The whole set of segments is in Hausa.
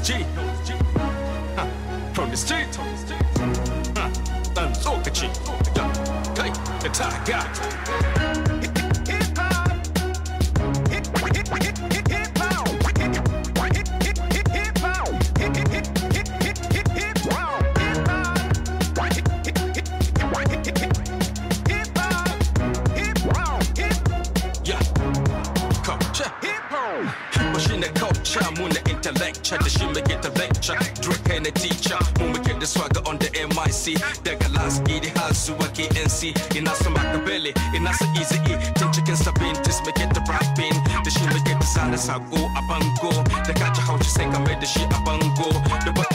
it's G. street, From the street. Huh. Unlock the G. Hey, the guy. tradition we get the lecture Drake and the teacher When we get the swagger on the MIC Daga laski the house who KNC? waki NC Ina sa makabili Ina sa easy E Tin chicken sabin This make it the rapping The shit me get the I go, I bang go The kacha how you she I made the shit I abango The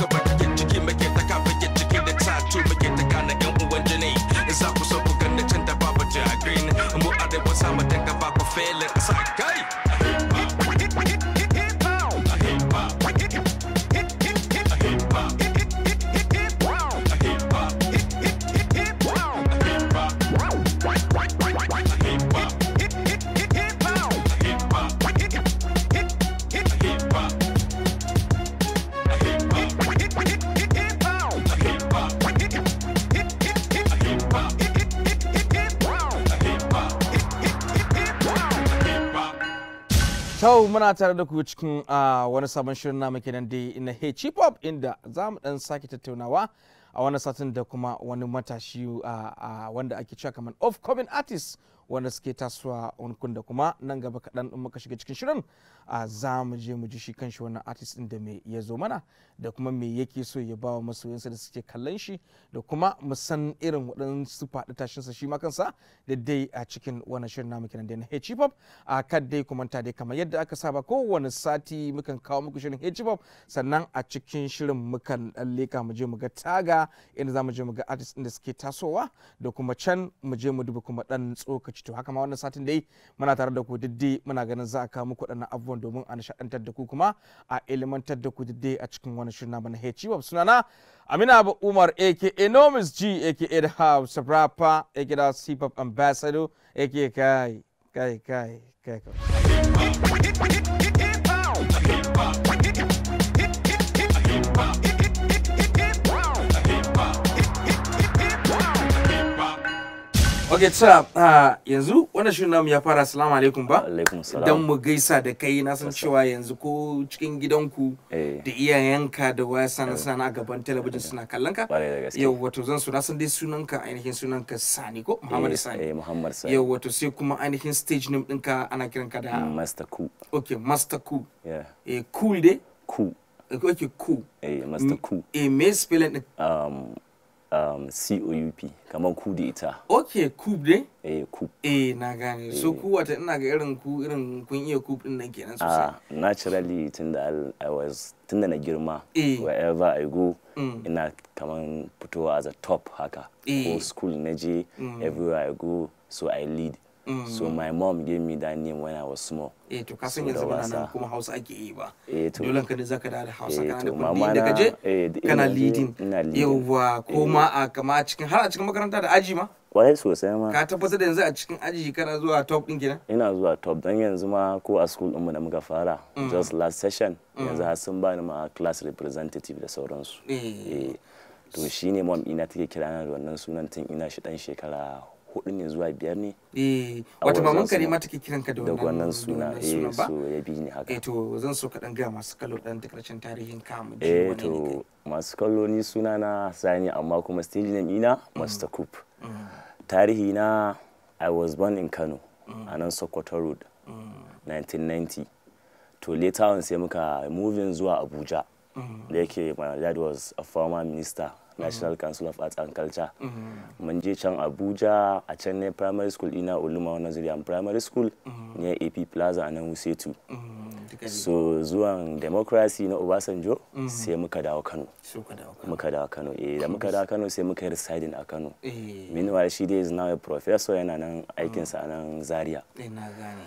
Tau muna tare da ku cikin ah, wani sabon shirin namu kenan dai na Hip Hop inda za mu dan sake tattaunawa a wani satin da kuma wani matashi ah, ah, wanda ake cewa kamar of coming artists wanda suke tasowa unkun da kuma nan gaba kaɗan in muka shiga cikin shirin a za mu je mu ji shi kanshi wannan artist din da me ya zo mana da kuma me yake so ya bawa masoyansa da suke kallon shi da kuma mu san irin waɗansu faɗi tashinsa shi ma kansa da dai a cikin wannan shirin namu kenan da na hip hop a kan dai kumanta dai kamar yadda aka saba kowane sati mukan kawo muku shirin hip hop sannan a cikin shirin mukan dan ka mu je mu ga taga inda za mu je mu ga artist din da suke tasowa da kuma can mu je mu duba kuma dan tsokaci to haka ma wannan satin dai muna tare da ku diddi muna ganin za a kawo muku ɗan abubuwan abubuwan domin a nishadantar da ku kuma a ilimantar da ku dai a cikin wani shirin namu na HWAP sunana Amina ba Umar aka enormous G aka da House Rapper aka da Sipap Ambassador aka kai kai kai kai kai Okay, sir. uh, yanzu wannan shirin namu ya fara assalamu alaikum ba? Alaikum salam. Dan mu gaisa da kai na san cewa yanzu ko cikin gidanku eh. da iyayenka da waya sana eh. sana gaban talabijin suna kallon ka. Yau wato zan suna san dai sunanka ainihin sunanka Sani ko Muhammad eh, Sani. Eh Muhammad Sani. Yau wato sai kuma ainihin stage name ɗinka ana kiranka da Master Ku. Okay, Master Ku. Yeah. Eh cool dai? Ku. Okay, cool. Eh Master Ku. Eh me spelling Um um, COUP kamar ku da ita. Ok, coup dai? Eh, coup. Eh, na gane. So e. ku wata ina ga irin ku irin kun iya coup din nan kenan ah, sosai. Ah, naturally tunda I was tunda na girma e. wherever I go mm. ina kaman fitowa as a top haka. E. Eh. Ko school na je mm. everywhere I go so I lead. Mm. so my mom gave me that name when I was small. Eh to ka san yanzu na nan kuma Hausa ake yi ba. Eh to dole ka ne zaka da Hausa eh, kana da mama da kaje eh, kana leading. Yawwa ko eh. ma a kama cikin har a cikin makaranta da aji ma. Kwarai sosai ma. Ka tabbatar da yanzu a cikin aji kana zuwa top din kenan? Ina zuwa top dan yanzu ma ko a school mu da muka fara mm. just last session mm. yanzu har sun bani ma class representative da sauransu. Eh to shine mom ina take kira na da wannan sunan tun ina shi dan shekara hudu ne zuwa biyar ne eh wata maman kare ma take ka da wannan suna eh so ya bi ni haka eh to zan so ka dan ga masu kallo dan takarcin tarihin ka mu eh to masu kallo ni suna na sani amma kuma stage name ina mm. Coop mm. tarihi na I was born in Kano mm. a nan Sokoto Road 1990 to later on sai muka moving zuwa Abuja da yake my dad was a former minister national council of arts and culture mm-hmm. mun je can abuja a can ne primary school ina uluma naziriyan primary school mm-hmm. ne ap plaza a nan wusetu mm-hmm. so zuwan democracy na obasanjo sai muka dawo kano muka dawo kano eh da muka dawo kano sai muka yi residing a kano eh. meanwhile she is now a professor yana nan aikinsa a nan zaria eh,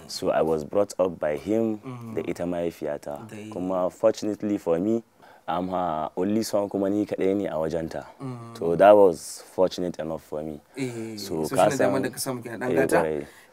so i was brought up by him da ita mahaifiyata kuma fortunately for me amma only song kuma ni kaɗai ne a wajenta mm. to that was fortunate enough for me eh, so ka san da ka samu kina dan eh, gata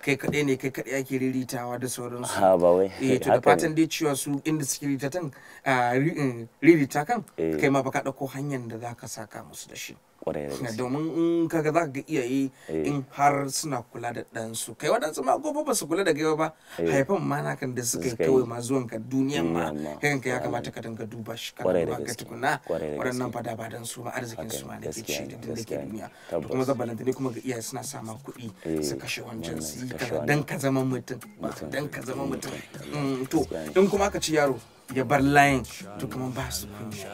kai kaɗai ne kai kaɗai ake riritawa da sauransu ha ba wai eh to da fatan dai cewa su inda suke ririta tan ah, eh, ririta kan kai ma baka ɗauko hanyar da zaka saka musu da shi kwarai da gaske domin in kaga za ga iyaye eh. in har suna kula da ɗansu kai waɗansu ma gobe ba su kula da kai ba eh. haifan ma na kan da suka yi kawai ma zuwan ka duniyan ma kai ya kamata ka dinga duba shi ka duba ka tukuna waɗannan fada ba dan su ma arzikin su ma da ke ci da da duniya to kuma zabalanta ne kuma ga iyaye suna sama kuɗi eh, su kashe wancan su yi dan ka zama mutum dan ka zama mutum mm, to in kuma ka ci yaro ya bar layin to kamar ba su kunya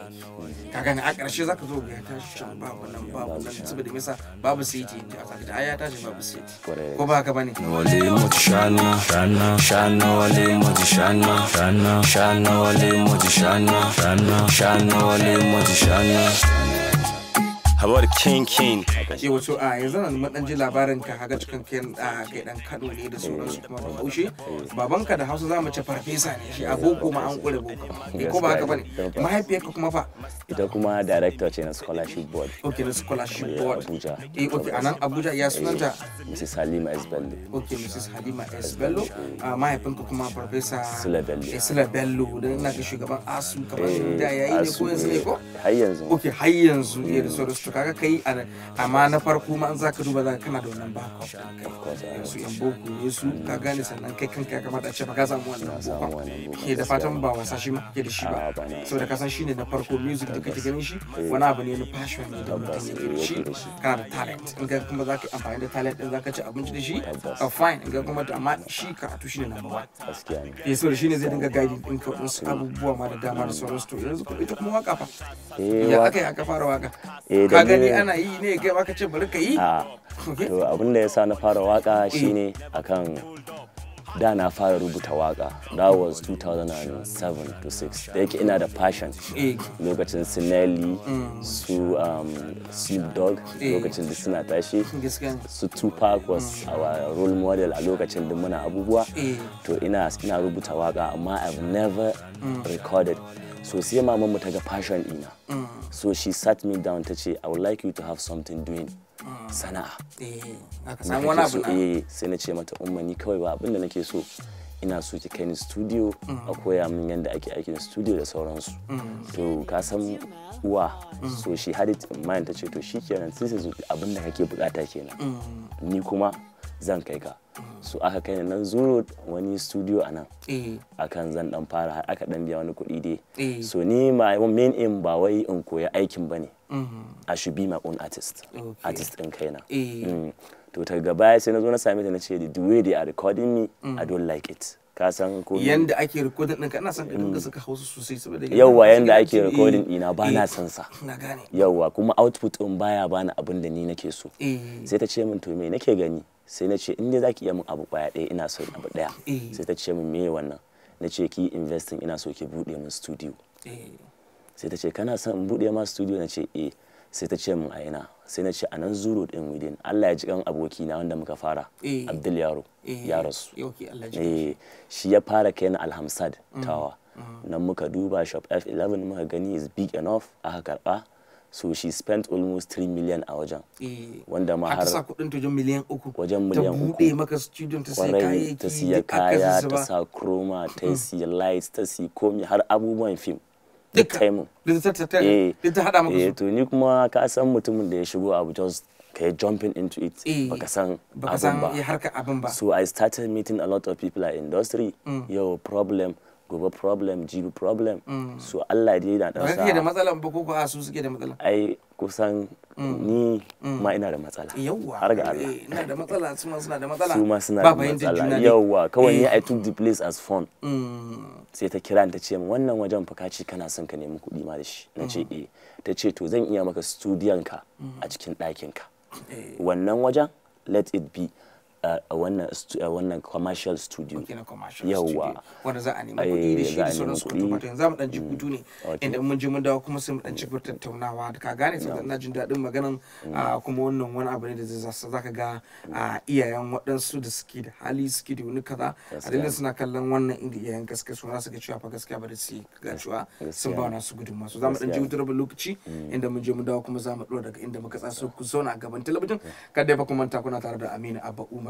kaga na a ƙarshe zaka zo ga ya tashi can babu nan babu nan saboda misa babu siti a zaka da ya tashi babu siti ko ba ka bane wale mutu shana shana shana wale mutu shana shana shana wale mutu shana shana shana wale mutu shana How about a king king? Eh wato a yanzu nan mun ɗan ji labarin ka haka cikin kai dan kado ne da su kuma da haushe babanka da Hausa zamu ce farfesa ne shi agogo ma an kure boko. Ni eh, ko ba haka bane mahaifiyarka kuma fa ita kuma director ce na scholarship board. Okay na scholarship board. Abuja. Eh okay anan Abuja ya sunanta eh, Mrs. Halima S Bello. Okay Mrs. Halima S Bello mahaifinka kuma farfesa sula Bello. Eh, sula Bello dan ina ga shugaban ASU kamar da yayi ne ko yanzu ne ko? Har yanzu. Okay har yanzu ne da sauransu. to kaga kai amma na farko ma an zaka duba zaka kana da wannan ba kai su yan boko ne su ka gane sannan kai kanka ya kamata a ce ba ka samu wannan boko ke da fatan ba wasa shi ma kake da shi ba saboda ka san ne na farko music da kake ganin shi wani abu ne na passion ne da mutum ya da shi kana da talent in ga kuma za yi amfani da talent din ka ci abinci da shi a fine in ga kuma amma shi karatu mawa number eh, so da shi ne zai dinga guide din ka wasu abubuwa ma da dama da sauransu to yanzu ita kuma waka fa ya aka yi aka fara waka eh, ka gani ana yi ne kai ce ka yi ah, to abin da sa na fara waka mm. shine akan da na fara rubuta waka that was 2007 to 6 da yake ina da passion eh. lokacin su mm. su um, snoop dog eh. lokacin da suna tashi su tupac was mm. our role model a lokacin da muna abubuwa eh. to ina rubuta waka amma i've never recorded so sai mamanmu ta ga fashion dina mm. so she sat me down ta ce i would like you to have something doing mm. sana'a eh, eh sai na ce mata umma ni kawai ba abinda nake so ina so ki kai ni studio a mm. koya min yadda ake aikin studio da sauransu to ka san uwa so she had it in mind ta ce to shikenan sai abin da kake bukata kenan ni kuma zan kai ka su aka kai nan zuro wani studio a nan eh. akan zan dan fara har aka dan biya wani kuɗi dai eh. so ni ma main aim ba wai in koya aikin bane mhm. I should be my own artist artist din kaina eh. mm. to ta gaba sai na zo na same ta na ce the way they are recording me I mm. don't like it ka san ko yanda ake recording ka ina son ka dinga mm. saka hausa sosai saboda yawa yanda ake recording ina ba na son sa na gane yawa kuma output din baya bani abin da ni nake so sai ta ce min to me nake gani sai na ce in zaki iya min abu kwaya ɗaya ina son abu ɗaya eh. sai ta ce min me wannan na ce ki investing ina so ki buɗe min studio eh. sai ta ce kana son in buɗe ma studio na ce eh sai ta ce min a ina sai na ce a nan zuro din within Allah ya ji kan aboki na wanda muka fara eh. Abdul Yaro ya rasu eh shi ya fara kai na Alhamsad mm. tawa mm. nan muka duba shop F11 muka gani is big enough aka karba so she spent almost 3 million a wajen eh, wanda ma har sa kudin wajen miliyan uku wajen miliyan uku ta bude maka studio ta sai kayayyaki ta siya kaya ta sa chroma ta hmm. siya lights ta siya komi har abubuwan film da ta yi mun ta hada eh. maka eh, su to ni kuma ka san mutumin da ya shigo abu just ka yi jumping into it baka san abin ba so i started meeting a lot of people a industry mm. yo problem gobe problem jibi problem mm. so Allah dai na da sa ke da matsala ba ko a su suke da matsala ai kusan mm. ni mm. ma ina da matsala yawa har ga Allah eh, ina da matsala su ma suna da matsala su ma suna da matsala yawa kawai ni eh. i took the place as phone. sai ta kira ta ce min wannan wajen fa kaci kana son ka nemi kuɗi ma da shi na ce eh ta ce to zan iya maka studio ka a cikin ɗakin ka eh. wannan wajen let it be a wannan wannan commercial studio yawwa wanda za a nemi kuɗi da shi da eh, sauran su wato yanzu mu dan ji kudu mm. ne inda mun je mun dawo kuma sai mu dan ci tattaunawa da ka gane saboda ina jin daɗin maganan mm. ah, kuma wannan wani abu ne da zai za ka ga mm. ah, iyayen waɗansu da suke da hali suke da wani kaza a dalilin suna kallon wannan inda iyayen gaskiya suna ga cewa fa gaskiya ba da su ga cewa sun ba nasu gudunmawa so za mu dan ji hutu rabin lokaci inda mun je mun dawo kuma za mu ɗora daga inda muka tsasa ku zauna a gaban talabijin kada fa kuma ta kuna tare da Aminu Abba Umar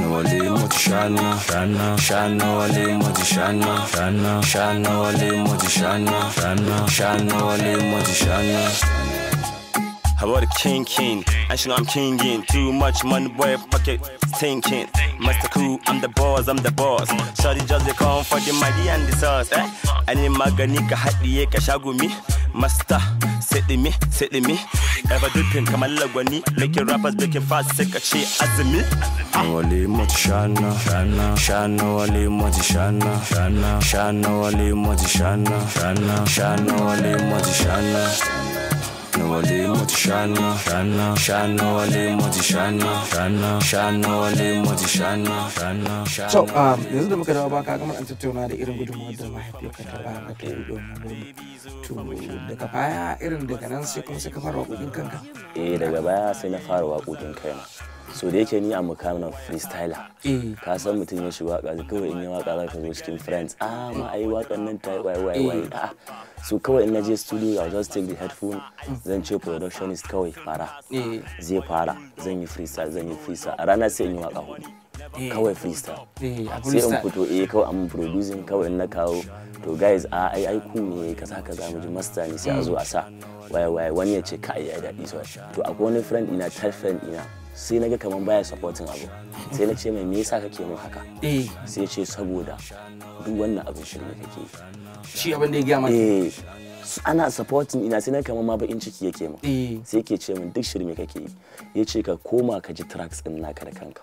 wale motishana shana shana shana. wale motishana shana shana shana. wale motishana shana shana wale motishana shana I bought a king king, and she know I'm kinging. Too much money, boy, pocket thinking. Master cool, I'm the boss, I'm the boss. Shawty just they come for the money and the sauce, eh? Ani magani ka hadiye ka shagumi. Master, sit me, sit me. Ever dripping, come on, make your rappers, making fast, sick, a chi, azimi. me. Ah. moti shana, shana, shana, wale moti shana, shana, shana, wale moti shana, shana, shana, shana, moti shana. wọlé mo ti ṣáná wale moti mo ti ṣáná ṣáná wọlé mo ti ṣáná. so um, yanzu da muka dawo ba ka an tattauna da irin gudunmawar da mahaifiyarka ta ba ka ta yi to daga baya irin daga nan sai kuma sai ka fara waƙoƙin kanka. eh daga baya sai na fara waƙoƙin kaina. so da yake ni a mukamin freestyler eh. ka san mutum ya shiga waka kawai in yi waka za ka zo cikin friends ah ma ayi wakan nan ta wai wai wai eh. ah so kawai in na je studio i just take the headphone zan ce productionist kawai fara eh. zai fara zan yi freestyle zan yi freestyle a rana sai in yi waka hudu kawai freestyle sai in fito eh kawai am producing kawai in na kawo to guys a ah, ai ai ku ne kaza kaza mu ji master ne sai a zo a sa waye mm. waye wani ya ce kai ya daɗi so to akwai wani friend ina tell friend ina sai na ga kamar baya supporting abu sai na ce mai me yasa kake min haka eh. sai ce saboda duk wannan abin shirme kake shi abin da ya gaya maka eh, ana supporting ina sai na kaman ma in ciki yake mu eh. sai yake ce min duk shirme kake yi yace ka koma ka ji tracks din naka da kanka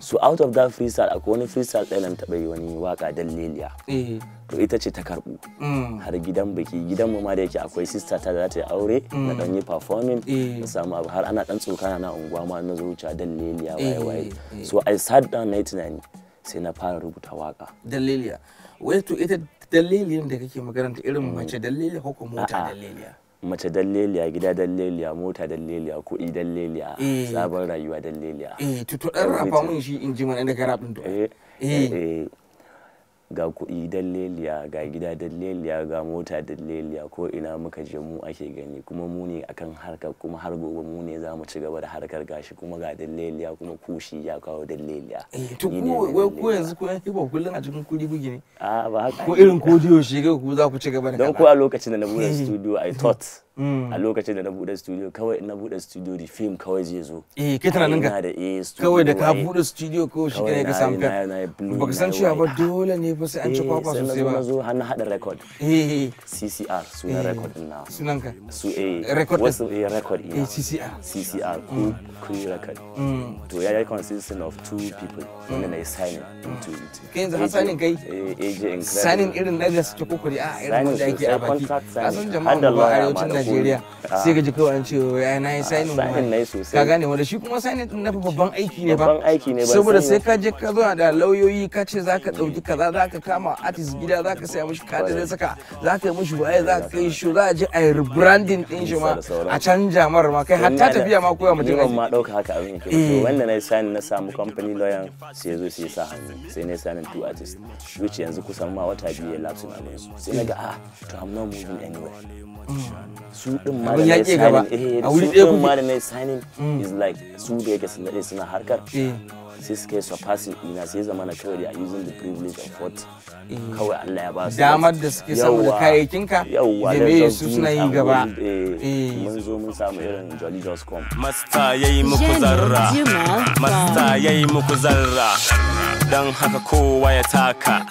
so out of that freestyle akwai wani freestyle ɗaya nan taɓa yi wani waka dan leliya eh. to ita ce ta karɓu mm. har gidan biki gidan mu ma da yake akwai sister ta da ta yi aure mm. na ɗan yi performing eh. na samu abu har ana ɗan tsokana na unguwa ma na zuciya dan leliya waye eh, waye so i sat down na sai na fara rubuta waka dan leliya to ita dalilin da kake magana irin mace dalili ko kuma mota daliliya mace dalleliya gida dalleliya mota dalleliya kuɗi dalleliya eh. sabon rayuwa dalleliya eh to to dan rafa mun shi in ji mana da garabin to eh eh, eh, eh. ga kuɗi dalleliya ga gida dalleliya ga mota dalleliya ko ina muka je mu ake gani kuma mu ne akan harkar kuma har gobe mu ne za mu ci gaba da harkar gashi kuma ga dalleliya kuma kushi ya kawo dalleliya eh, to ko ko yanzu ko yanzu ba kullun a cikin kudi bugi ne a ah, ba haka ko irin kodiyo shi ga ku za ku ci gaba da don ko a lokacin da na buɗe eh. studio i thought Mm. a lokacin da na bude studio kawai na bude studio da film kawai zai zo eh kai tana nan ga eh, kawai da ka bude studio ko shi ne ka samu kai baka san cewa ba dole ne fa sai an ci eh, kwakwa sosai ba zo har na hada record eh, eh CCR su na record din na sunan ka su eh record wasu eh record eh CCR CCR mm. ku ku record mm. to ya consisting of two people wanda na signing into it kai yanzu har signing kai eh AJ Incredible signing irin na da su ta kokori a irin da yake a baki a san jama'a ba a yawancin Najeriya sai ka ji kawai an ce oh, ya na yi ah, sainin sosai ka gane wanda shi kuma sainin din nafi babban aiki ne ba babban aiki ne ba saboda sai ka je ka zo da lauyoyi ka ce za ka kaza za ka kama artist gida za ka saya mishi katin saka za ka yi mushi waye za ka kai shi za a je a rebranding din shi ma a canja mara ma kai hatta tafiya ma koya mutum ne ma dauka haka abin ke eh. wanda na yi sainin na samu company lawyer sai yazo sai sa hannu sai na yi sainin two artist wuce yanzu kusan ma wata biyu ya lapsu na sai na ga a ah, to I'm not moving anywhere su din ma eh, a ɗaya signing mm. is like su da yake suna eh, suna harkar eh. sai suka yi surpassing ina sai zama na kawai a using the privilege of what kawai Allah ya ba su damar da suke samu da kayayyakin yawa da me su suna yi gaba mun zo mun samu irin Jolly Just Come masta yayi muku zarra masta yayi muku zarra dan haka kowa ya taka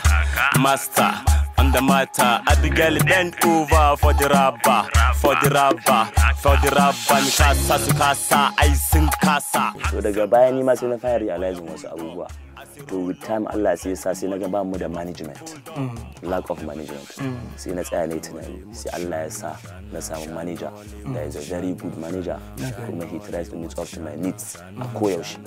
masta the matter. girl bend over for the rubber, for the rubber, for the rubber. Ni kasa su kasa, I sing kasa. so daga baya ni ma sai na fara realizing wasu abubuwa. To with time Allah sai sa sai na ga ba mu da management. Mm. Lack of management. Mm. Sai na tsaya ne tunani. Sai Allah ya sa na samu manager. Mm. That is a very good manager. Kuma he tries to meet up to my needs a koyaushe.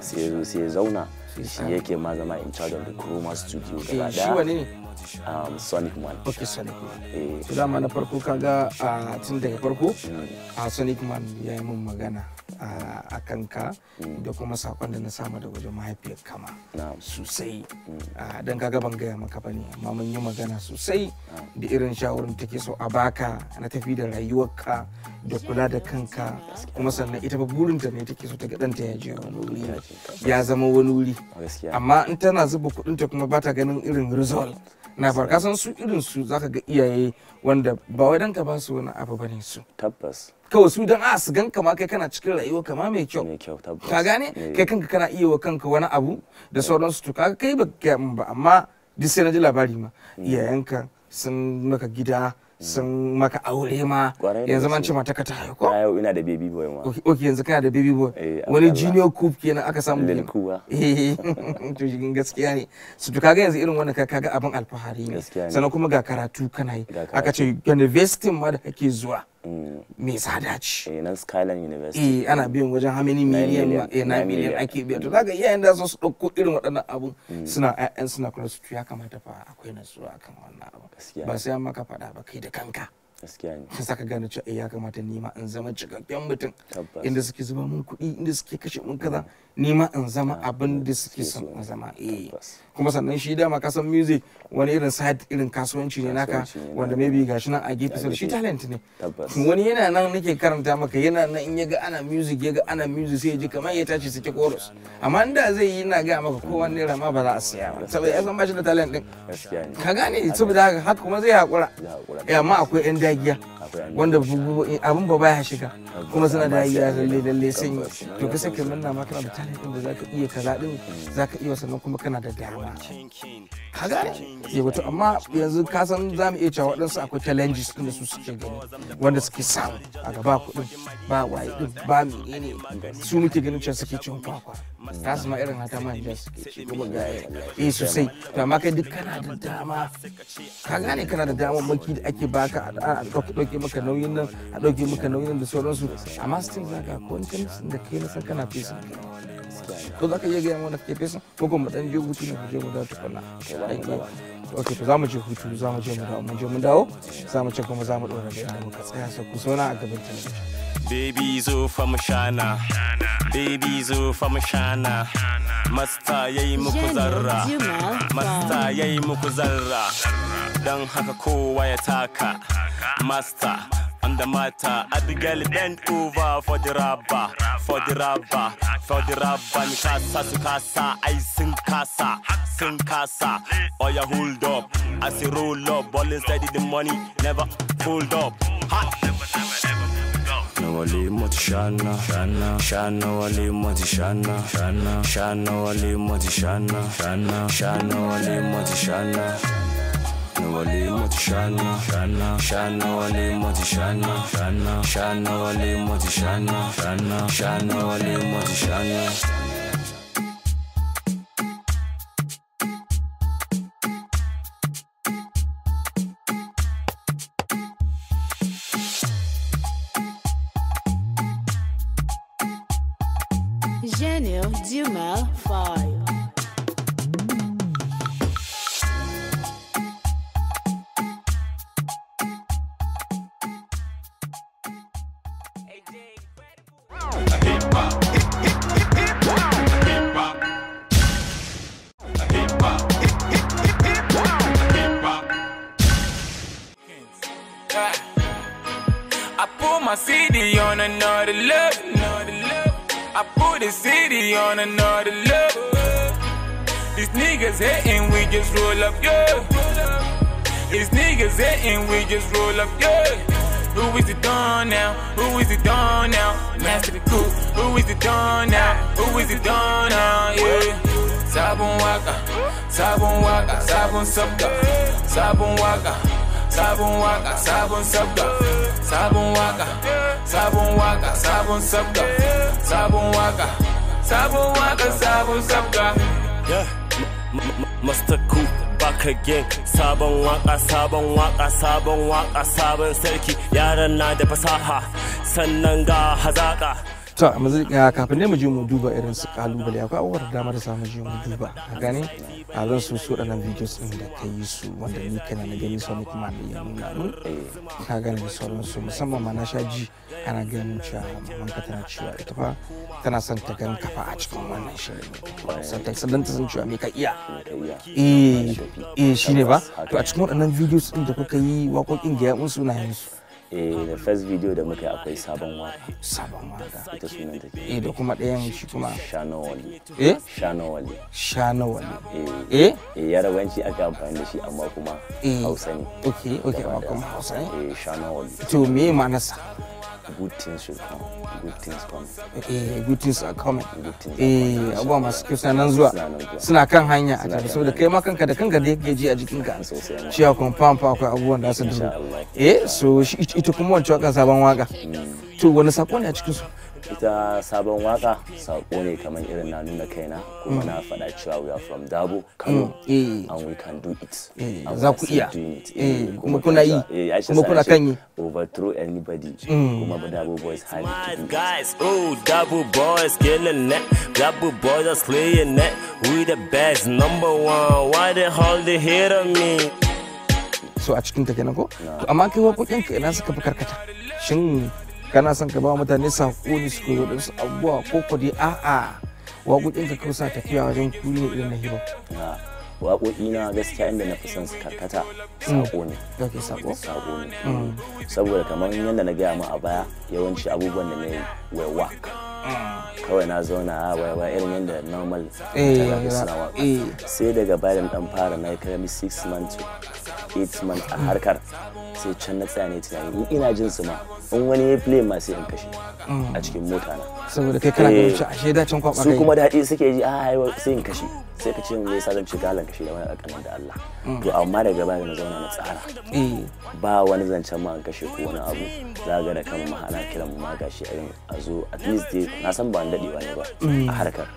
Sai ya zauna. Shi yake mazama in charge of the Chroma studio gaba daya. um, sonic man ok sonic man eh dama na farko kaga a ah, tun daga farko mm. a ah, sonic man ya yi mun magana ah, a kanka mm. da kuma sakon da na samu da wajen mahaifiyar kama sosai mm. don kaga ban gaya maka bane amma mun yi magana sosai da irin shawarar shawarin take so a baka na tafi da rayuwarka da kula da kanka kuma sannan ita ba burinta ne take so ta ɗanta ya je wani wuri ya zama wani wuri amma in tana zuba kuɗinta kuma ba ta ganin irin result na far san su irin su zaka ga iyaye wanda ba wai dan ka ba su wani abu bane su tabbas kawai su dan a ah, su ganka ma kai kana cikin rayuwa kama mai kyau mai kyau tabbas ka gane eh. kai kanka kana iya wa kanka wani abu da sauransu to kaga kai ba ba amma duk sai na ji labari ma eh. iyayenka sun maka gida sun maka aure ma yanzu man ci mata ka ta haihu ko yau ina da baby boy ma okay yanzu kana da baby boy eh, wani junior coup kenan aka samu lil kuwa eh, to gaskiya ne su to kaga yanzu irin wannan kaga abin alfahari ne sannan kuma ga karatu kana yi aka ce university ma da kake zuwa mai tsada ce eh, Na skyline university eh ana biyan wajen how many million eh na million ake biya to zaka iyayen da su dauko irin waɗannan abun mm. suna ƴaƴan suna kula su ya kamata fa akwai nasuwa akan wannan abu ba sai an maka faɗa ba kai da kanka gaskiya ne sai saka gane cewa eh, ya kamata ni ma in zama cikakken mutum inda suke zuba mun kuɗi inda suke kashe mun kaza mm. Ni ma in zama ah, abin da suke son in zama eh kuma sannan shi dama ka san music wani irin side irin kasuwanci ne naka wanda maybe gashi nan a gefe sai shi talent ne wani yana nan nake karanta maka yana nan in yaga ana music yaga ana music sai ya ji kamar ya tashi sake chorus amma inda zai yi ina ga maka ko wani rama ba za a siya ba mm, saboda ya san ba shi da talent din ka gane saboda haka kuma zai hakura eh, amma akwai yan dagiya wanda abin ba baya shiga kuma suna da ya lalle sun sanyi to ka sake manna ma kana da talibin da zaka iya kaza din zaka iya sannan kuma kana da dama ka gane ya wato amma yanzu ka san za mu iya cewa waɗansu akwai challenges din da su suke gani wanda suke samu a gaba kuɗin ba waye din ba menene su muke ganin cewa suke cin kwakwa ka su ma irin hata ma da suke ci kuma ga eh sosai to amma kai duk kana da dama ka gane kana da dama maki da ake baka a ɗauki ɗauke maka nauyin nan a ɗauke maka nauyin da sauransu amma still za ka ko wancan da kai na san kana fesa ko za ka iya gaya mana kake fesa ko kuma dan je hutu ne je mu dawo tukuna ok to za mu je hutu za mu je mu dawo mu je mu dawo za mu ce kuma za mu ɗora da inda ka tsaya sa ku sauna a gaban talabijin. Baby zo fa mu shana, baby zo fa mu shana, masta yayi muku zarra, masta yayi muku zarra, Dan haka kowa ya taka. Master on the matter. I the girl bend over for the rubber, for the rubber, for the rubber. Nkasa sukasa, I sing kasa, sing kasa. Oh ya hold up, I see roll up. Ball steady, the money never hold up. Hot. walimu tishana shana shana walimu tishana shana shana walimu tishana shana shana walimu tishana shana wale mo ti ṣáná ṣáná wale mo ti ṣáná ṣáná wale mo ti ṣáná ṣáná wale mo ti ṣáná. another level. I put the city on another level. These niggas hating, we just roll up, yeah. These niggas hating, we just roll up, yeah. Who is it done now? Who is it done now? Master the coup. Who is it done now? Who is it done now? Yeah. Sabon waka, sabon waka, sabon sabda, sabon waka, sabon waka, sabon sabda. sabon waka sabon waka sabon sabga sabon waka sabon waka sabon sabga Master Coop back again sabon waka sabon waka sabon waka sabon sarki yaran na da fasaha sannan ga hazaka to eh, kafin ne mu je mu duba irin su kalubale akwai awar dama da samu je mu duba a gane a zan so su waɗannan videos ɗin da ka yi su wanda ni kana na gani su kuma da ya nuna mun eh, ka gane da sauransu musamman ma na sha ji ana ganin cewa mamman ka tana cewa ita fa tana son ta gan kafa a cikin wannan shirin sannan sannan ta san cewa me ka iya eh eh shine ba to a cikin waɗannan videos ɗin da kuka yi waƙoƙin ga ya mun su da eh, first video da muka yi akwai sabon waka sabon waka ita sunan take eh da kuma ɗayan shi kuma shanowali eh shanowali shanowali eh. eh eh yarabanci aka amfani da shi amma kuma eh. hausa ne okay okay amma kuma hausa ne eh shanowali to me ma ma'anarsa good things should come good things come eh good things are coming eh abuwa masu kyau suna nan zuwa suna kan hanya a tare saboda kai ma kanka da kanka da yake ji a jikinka cewa pam fa akwai abubuwan da su eh so ita kuma wancan sabon waka mm. to wani sako ne a cikin su ita sabon waka sako ne kamar irin na nuna kaina kuma na faɗa cewa we are from dabo kano mm, eh. and we can do it eh, za ku iya eh, kuma kuna yi kuma kuna kan yi overthrow anybody mm. kuma ba dabo boys hali guys oh dabo boys killing net dabo boys are slaying net we the best number one why the hell they hate on me so a cikin ta kenan ko amma kai waƙoƙin ka ina suka fi karkata shin kana son ka ba mutane sako ne suka zo su abubuwa ko kudi dai a'a waƙoƙinka ka kausa tafiya wajen kuri ne irin na hiro waƙoƙi na gaskiya inda na fi son su karkata sako ne mm. sako ne mm. saboda kamar yadda na gaya ma a baya yawanci abubuwan da na yi were mm. kawai na zauna a waiwa irin yadda normal eh, eh. sai daga bayan dan fara na yi karami 6 months to 8 months a harkar sai can na tsaya ne tunani in ina jin su ma in wani ya play ma sai in kashe a cikin mota na saboda kai kana ganin shi a shaida can kwakwa su kuma daɗi suke ji a ah, sai in kashe sai ka ce mai sa zan ci galan ka shirya wani tsakanin da Allah mm. to amma daga baya na zauna na tsara mm. ba wani zancen ma kashe ko wani abu za ga da kan mahana kiran ma gashi irin a zo at least dai na san ba an dadewa ne ba a mm. harkar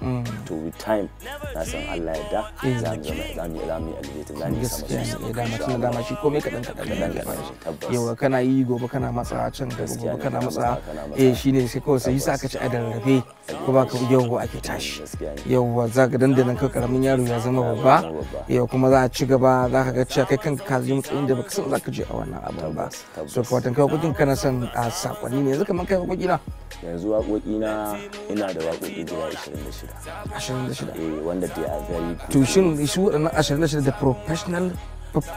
to with time na san Allah ya da za mu zama za mu za mu elevator za mu sama shi da me ka dan komai dan kadan kadan kadan yawa kana yi gobe kana matsa can gobe kana matsa eh shine sai kawai sai sa ka ci adan rabe ko ba ka yawa ake tashi yawa za ga dandanan ka karamin yaro ya zama babba yau kuma za a ci gaba za ka ga cewa kai kanka ka zai matsayin da baka san za ka je a wannan abin ba so ka watan kai kuɗin kana son a ah, sakonni ne yanzu kamar kai kuɗi na yanzu waƙoƙi na ina da waƙoƙi guda 26 26 eh wanda a gari to shin shi waɗannan 26 da professional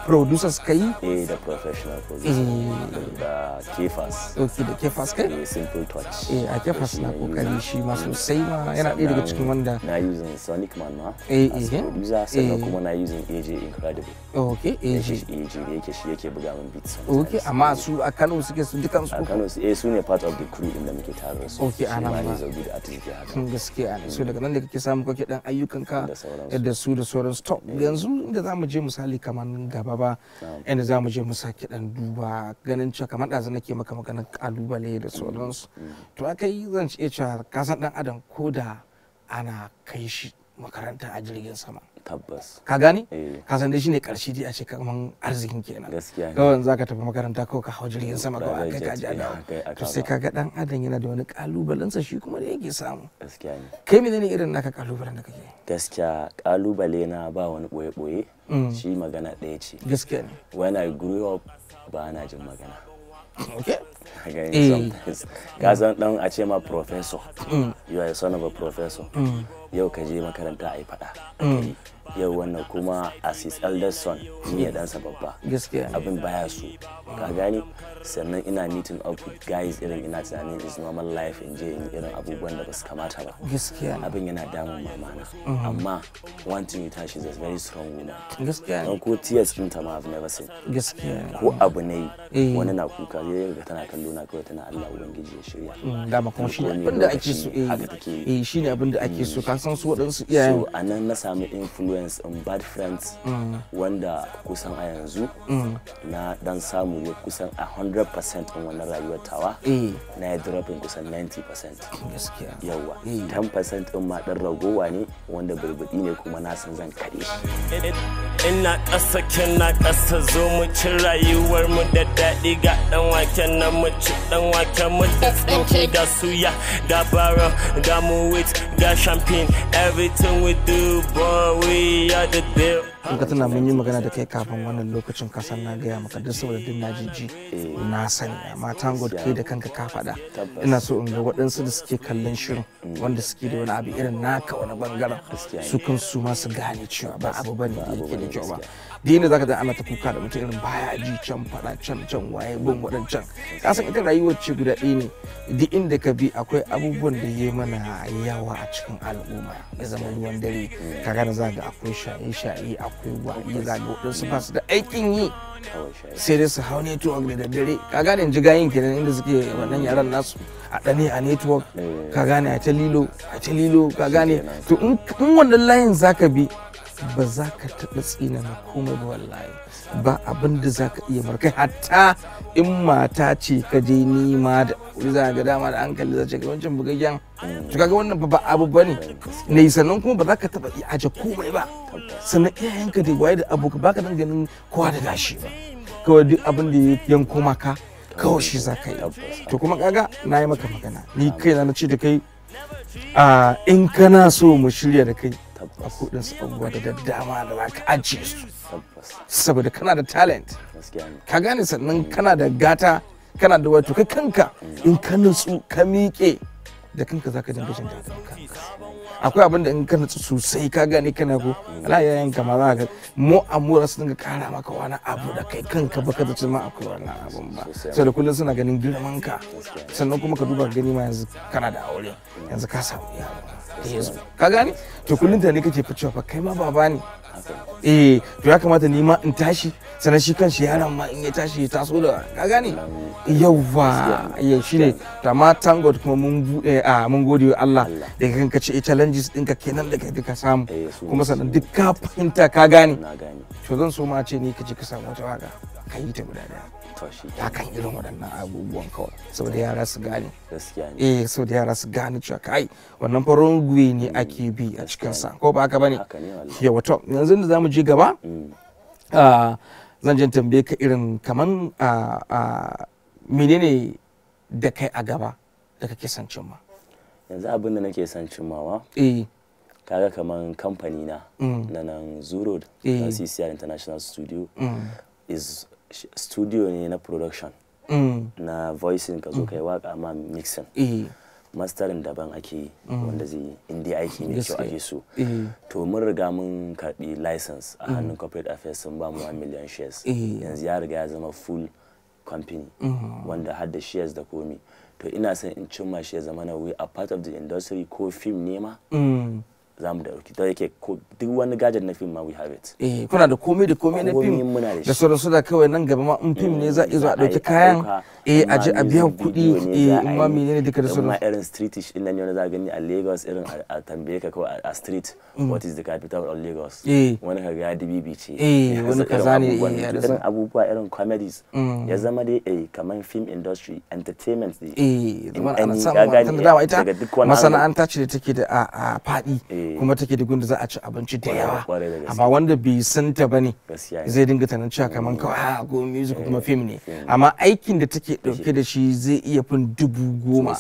producer suka yi? eh da professional producer eh. da kefas ok da kefas kai? Eh, simple touch eh a kefas na kokari shi ma sosai ma yana ɗaya daga cikin wanda na using sonic man ma eh eh producer sannan eh. kuma na using aj incredible ok aj aj yake shi yake buga min beats ok amma su a Kano suke su dukan su a Kano eh su ne part of the crew din da muke tare su ok ana ma gaske a hmm, so daga nan da kake samu kake dan ayyukan ka da su da sauran stop yanzu inda zamu je misali kamar gaba ba inda za mu je mu sake duba ganin cewa kamar ɗazu nake maka maganar kalubale da sauransu to aka yi zan ce cewa kasan dan adam ko da ana kai shi makaranta a jirgin sama tabbas ka gani? Eh. ka san dai shine karshe dai a ce kaman arzikin kenan gaskiya kawai za ka tafi makaranta ko ka hau jirgin sama ko kai ka ji dawo to sai ka ga dan adam yana da wani kalubalen sa shi kuma da yake samu gaskiya ne kai menene irin naka kalubalen da kake gaskiya kalubale na ba wani boye boye mm. shi magana ɗaya ce gaskiya ne when i grew up ba na jin magana eh. ka san dan a ce ma professor mm. you are a son of a professor mm. yau ka je makaranta a yi faɗa mm. yau wannan kuma asis elderson ni ya dansa babba abin baya su ka gani sannan ina meeting up with guys irin ina tunanin is normal life in je in irin abubuwan da ba su kamata ba abin yana damun mamana mm-hmm. amma wanting you tashi is a very strong woman don ko tears din ta ma I've never seen ko abu ne eh. wani na kuka zai ga tana kallo na kawai tana Allah ubangiji ya shirya mm, dama kuma shi eh. eh, abin da ake so eh shi ne abin mm. da ake so kan san su waɗansu iyayen so a nan na sami influence in bad friends mm. wanda kusan a yanzu mm. na dan samu ne kusan a 100% in wannan rayuwar tawa mm. na ya dropping kusan 90% gaskiya yawa 10% din ma dan ragowa ne wanda burbuɗi ne kuma na san zan kaɗe shi ina ƙasa kina ƙasa zo mu ci rayuwar mu da daɗi ga ɗan waken nan mu ci ɗan waken mu da tsinke ga suya ga baro ga mu wit ga champagne Everything we do, boy, we are the dip. in ka tana mun yi magana da kai kafin wannan lokacin ka na gaya maka duk saboda duk na jiji na sani amma tango kai da kanka ka faɗa ina so in ga waɗansu da suke kallon shirin wanda suke da wani abu irin naka wani bangaren su kan su ma su gane cewa ba abu bane da yake da kyau ba dai ne zaka da ana ta kuka da mutum irin baya ji can faɗa can can waye bin waɗancan ka san ita rayuwar ce guda ɗaya ne duk inda ka bi akwai abubuwan da ya mana yawa a cikin al'umma ya zama ruwan dare ka gane za ga akwai shaye-shaye akwai wani za waɗansu ba da aikin yi sai dai su hau network da daddare ka gane in ji gayin kenan inda suke wannan yaran nasu a ɗane a network ka gane a ta lilo a ta lilo ka gane to in wannan layin zaka bi ba za ka taɓa tsina na komai ba wallahi ba abin da za ka iya markai hatta in mata ce ka je nima da wuri za ga dama da hankali za ce ka wancan bugaggen to kaga wannan ba abu ba ne sannan kuma ba za ka taɓa iya aje komai ba sannan iyayenka da waye da abokan baka dan ganin kowa da gashi ba kawai duk abin da ya yanko maka kawai shi za ka yi to kuma kaga na yi maka magana ni kai na ce da kai a in kana so mu shirya da kai a kudin abubuwa da dama da za ka ajiye su saboda kana da talent ka gane sannan kana da gata kana da wato kai kanka in ka nutsu ka miƙe da kanka zaka dinga jin daɗin kanka akwai abin da in ka natsu sosai ka gane kana ko ala yayan ka ma za ka mu amura su dinga kara maka wani abu da kai kanka baka da ma akwai wani abun ba sai da kullum suna ganin girman ka sannan kuma ka duba gani ma yanzu kana da aure yanzu ka samu yaro ka gane to kullum da ne kake fice fa kai ma baba ne eh to ya kamata ni ma in tashi sannan shi kanshi yaron ma in ya tashi ya taso da ka gane yauwa ya shine ta ma kuma mun bude a mun gode wa Allah da kan ka ce eh, challenges ɗinka kenan da kai ka samu eh, kuma sannan duk ka fahimta ka gane to zan so ma ce ni ka je ka samu wata waka ka yi ta guda daya numfashi kan irin waɗannan abubuwan kawai da yara su gane gaskiya ne eh saboda yara su gane cewa kai wannan farin gwi ne mm, ake bi a cikin sa ko ba haka bane yawa to yanzu da zamu je gaba mm. zan jin tambaye ka irin kaman menene da kai a gaba da kake son cimma yanzu abin da nake son cimmawa eh kaga kaman kamfani na mm. na nan zuro da eh. International Studio is studio ne na production mm. na voicing ka zo mm. kai waka amma mixing eh. mastering daban ake yi mm. wanda zai indi aiki ne kyau ake so eh. to mun riga mun karbi license a hannun corporate affairs sun ba mu 1 million shares eh. yanzu ya riga ya zama full company wanda har da shares da komi to ina son in cimma shi ya zama na a part of the industry ko film nema za mu dauki da yake duk wani gajen na film ma we have it eh kuna da komai da komai na film da sauran su da kawai nan gaba ma in film ne za a zo a dauki mm, kayan eh a je a biya kuɗi eh in ma ne duka da sauran irin streetish din nan ne za a gani a Lagos irin a tambaye ka kawai a street mm. what is the capital of Lagos eh. wani ka ga DBB ce eh wani kaza ne eh, irin abubuwa irin comedies mm. ya zama dai eh kaman film industry entertainment dai eh zama ana samu daga duk wani masana'anta ce da take da a fadi eh. Eh. kuma take da gunda za a ci abinci da yawa amma wanda bai san ta bane zai dinga tanan cewa kaman kawai a ah, go music kuma eh, film ne amma aikin da take dauke da shi zai iya fin dubu goma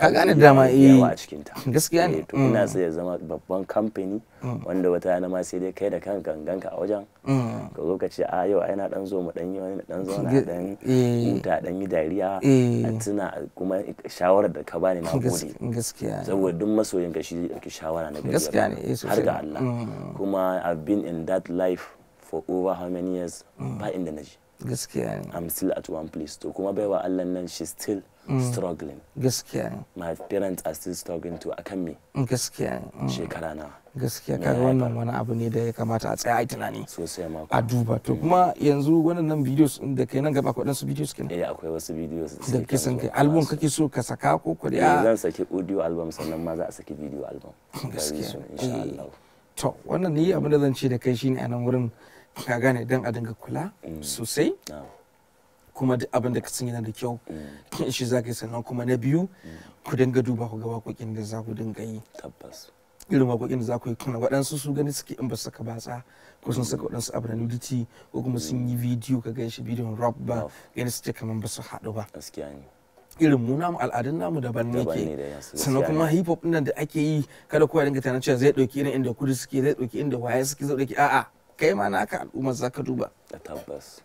ka gane dama eh gaskiya ne eh, to ina mm. sai ya zama babban kamfani wanda wata yana ma sai dai kai da kanka ganka a wajen ka zo ka ce a ah, yau ai na dan zo mu dan yi wani dan zauna dan huta dan yi dariya eh. a tuna kuma shawarar da ka bani na gode gaskiya saboda duk masoyin ka shi zai shawara na gaskiya eh, har ga Allah mm. kuma I've been in that life for over how many years mm. ba inda naji gaskiya I'm still at one place to kuma baiwa Allah nan she still Mm. struggling gaskiya my parents are still struggling to akan me gaskiya mm. shekara na gaskiya kaga wannan wani abu ne da ya kamata a tsaya a tunani sosai ma a duba to mm. kuma yanzu wannan videos da kai nan gaba ko dan su videos kin eh akwai wasu videos da kisan kai album kake so ka saka ko ko da eh, zan saki audio album sannan ma za a saki video album gaskiya insha eh, Allah to wannan ne abin da zan ce da kai shine a nan wurin ka gane dan a dinga kula sosai kuma duk abin da ka san yana da kyau shi za ka yi sannan kuma na biyu ku dinga duba ku ga waƙoƙin da za ku dinga yi tabbas irin waƙoƙin da za ku yi kuna waɗansu su gani suke in ba su saka batsa ko sun saka waɗansu abu na nudity ko kuma sun yi bidiyo ka gan shi bidiyon rock ba gani suke kamar ba su haɗu ba irin mu namu al'adun namu daban ne ke sannan kuma hip hop nan da ake yi kada kowa dinga tana cewa zai ɗauki irin inda kudu suke zai ɗauki inda waye suke zai ɗauki a'a kai ma naka al'umma zaka duba tabbas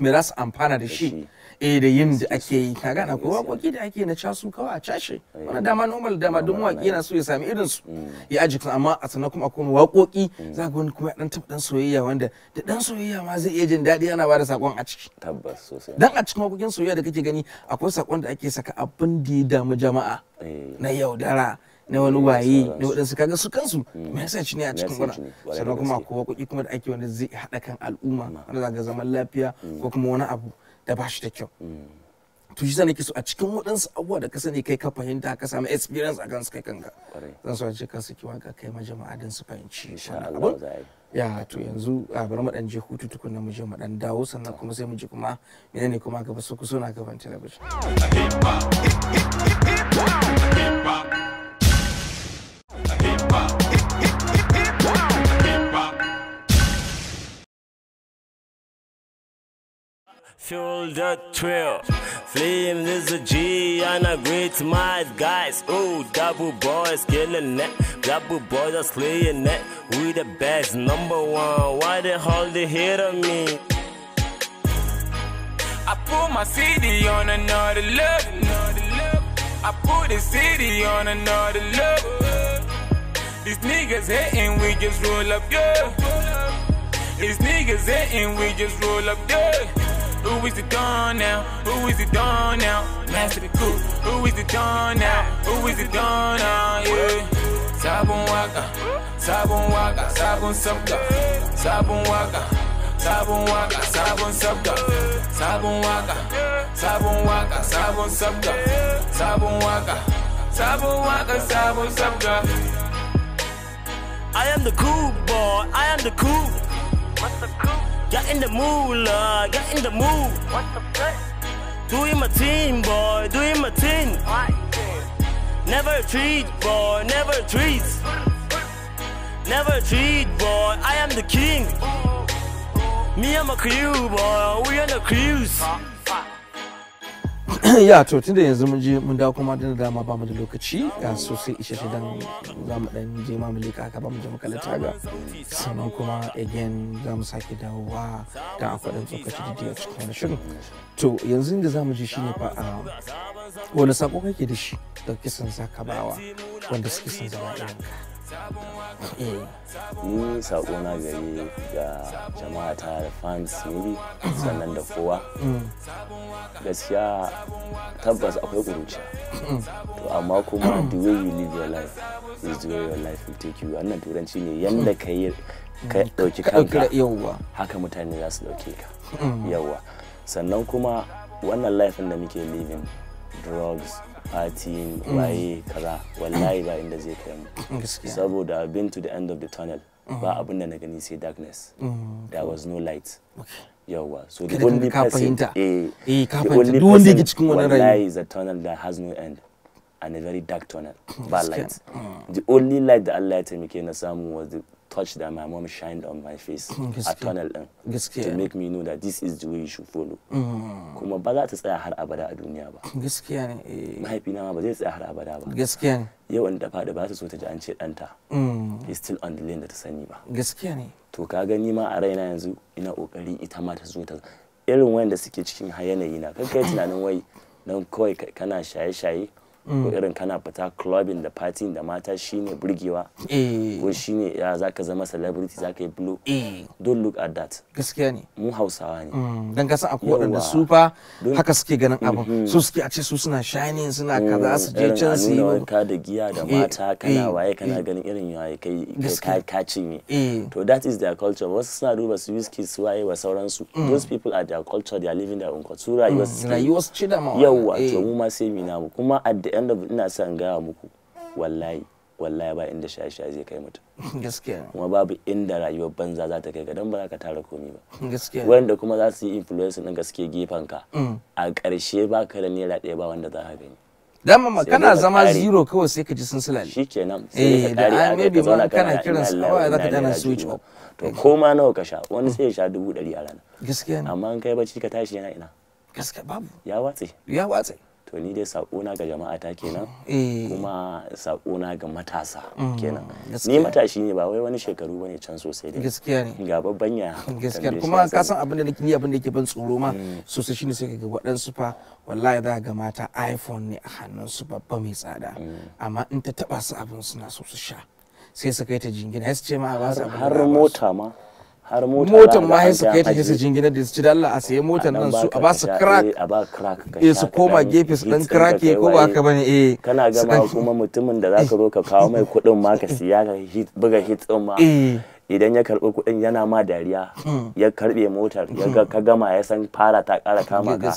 me za su amfana da shi eh da yin da ake yi ka gana ko wakoki da ake na casu kawai a cashe eh. wannan dama normal dama duk waƙi yana so ya sami irin su mm. ya aji amma a sannan kuma akwai wakoki mm. za ga wani kuma dan tab dan soyayya wanda da dan soyayya ma zai iya jin daɗi ana bada sakon a ciki tabbas sosai dan a cikin wakokin soyayya da kake gani akwai sakon da ake saka abin da ya damu jama'a eh. na yaudara na wani waye na waɗansu kaga su kansu mm. message ne a cikin wani sannan kuma kowa waƙoƙi kuma da ake wani zai haɗa kan al'umma mm. wanda za ga zaman lafiya mm. ko kuma wani abu da ba shi da kyau to shi sanake so a cikin waɗansu abubuwa da ka sani kai ka fahimta ka samu experience a kansu kai kanka zan so a ce kansu ki waka kai ma jama'a don su fahimci abun ya to yanzu a bar mu dan je hutu tukun mu je mu dan dawo sannan kuma sai mu je kuma menene kuma gaba so ku so na gaban talabijin Fuel the trail. Flame is a G and a great mad guys. Oh, double boys killing it. Double boys are slaying it. We the best, number one. Why the hell they hit on me? I put my city on another level. Another level. I put the city on another level. These niggas hating, we just roll up, yeah. These niggas hating, we just roll up, yeah. Who is the dawn now? Who is the dawn now? Master the coup. Who is the dawn now? Who is the dawn now? Yeah. Sabon waka, sabon waka, sabon sabka, sabon waka, sabon waka, sabon sabka, sabon waka, sabon waka, sabon sabka, sabon waka, sabon waka, sabon sabka. I am the cool boy. I am the cool. What's the cool? Got in the mood, love, got in the mood. What the fuck? Doing my team, boy, doing my team. Never treat, boy, never treat. Never treat, boy, I am the king. Me and my crew, boy, we on the cruise. ya to tunda yanzu mun je mun dawo kuma da dama ba mu da lokaci ga sosai shi dan za mu dan je ma mu leka haka ba mu je makalata ga taga sannan kuma again za mu sake dawowa da akwai tsokaci da diya cikin wani shirin to yanzu inda za mu je shine fa a ah, wani sako kake da shi da kisan saka bawa wanda suke son zama ɗanka ni sako na gari ga jama'a ta da fans maybe sannan da kowa gaskiya tabbas akwai kuruciya to amma kuma the way you live your life is the way your life will take you wannan turanci ne yanda ka yi ka dauki kanka haka mutane za su dauke ka mm. yawa sannan kuma wannan life da muke living drugs party mm. waye kaza wallahi ba inda zai kai mu saboda i've been to the end of the tunnel ba mm. abin da na gani sai darkness mm. there was no light yawa so the only person eh the only person wallahi is a tunnel that has no end and a very dark tunnel ba light the only light da Allah ya taimake na samu was the touch that my mom shined on my face a tunnel din to make me know that this is the way you should follow mm. kuma ba za ta tsaya har abada a duniya ba gaskiya ne eh. mahaifina ma ba zai tsaya har abada ba gaskiya ne yau in ta faɗi ba ta so ta ji an ce ɗanta is mm. still on the lane da ta sani ba gaskiya to ka ni ma a raina yanzu ina kokari ita ma ta zo ta irin wanda suke cikin yanayi na kai tunanin wai don kawai kana shaye-shaye Mm. ko irin kana fita clubin da party da mata shine burgewa eh. ko shine ya zaka zama celebrity zaka yi blow eh. don't look at that gaskiya ne mu hausawa ne mm. dan ka san akwai wadanda su fa haka suke ganin abin mm-hmm. su suke a ce su suna shining suna mm. kaza su je can su yi ka da giya da eh, mata kana waye kana ganin irin yayi kai ka ne to that is their culture wasu suna duba su whiskey su waye wa sauransu those people are their culture they are living their own culture su rayuwar su rayuwar su ci da ma yawa to mu ma sai mu na kuma at da yan da ina son gaya muku wallahi wallahi ba inda shaye-shaye zai kai mutum gaskiya kuma babu inda rayuwar banza za ta kai ka don ba za ka tara komai ba gaskiya wanda kuma za su yi influence din gaske gefen ka mm. a karshe ba ka da naira ɗaya ba wanda za ka gani dama ma kana zama zero kawai sai ka ji sun sulale shikenan sai ka dare eh, a maybe ma kana kiran su kawai za ka dana switch off to koma nawa ka sha wani sai ya sha dubu ɗari a rana gaskiya amma in kai bacci ka tashi yana ina gaskiya babu ya watse ya watse to ni dai sakona ga jama'a ta kenan eh. kuma sakona ga matasa mm, kenan ni matashi ne ba wai wani shekaru bane can sosai dai gaskiya ne ga babban ya gaskiya kuma ka san abin da nake ni abin da yake ban tsoro ma mm. sosai shine sai kaga waɗansu fa wallahi za ga mata iPhone ne a hannun su babba mai tsada mm. amma in ta taba su abin suna so su sha sai su kai ta jingina sai ce ma ba su har mota ma har mota motan ma sai su kai ta su jingina da su ci a sayi motan nan su a ba su crack eh, a ba crack eh, su koma gefe su dan crack eh, ko ba ka bane eh kana gama kuma mutumin da zaka zo ka kawo mai kudin ma ka siya hit buga hit din ma idan ya karɓi kuɗin yana ma dariya hmm. ya karɓe motar ya hmm. ka gama ya san fara ta ƙara kama ka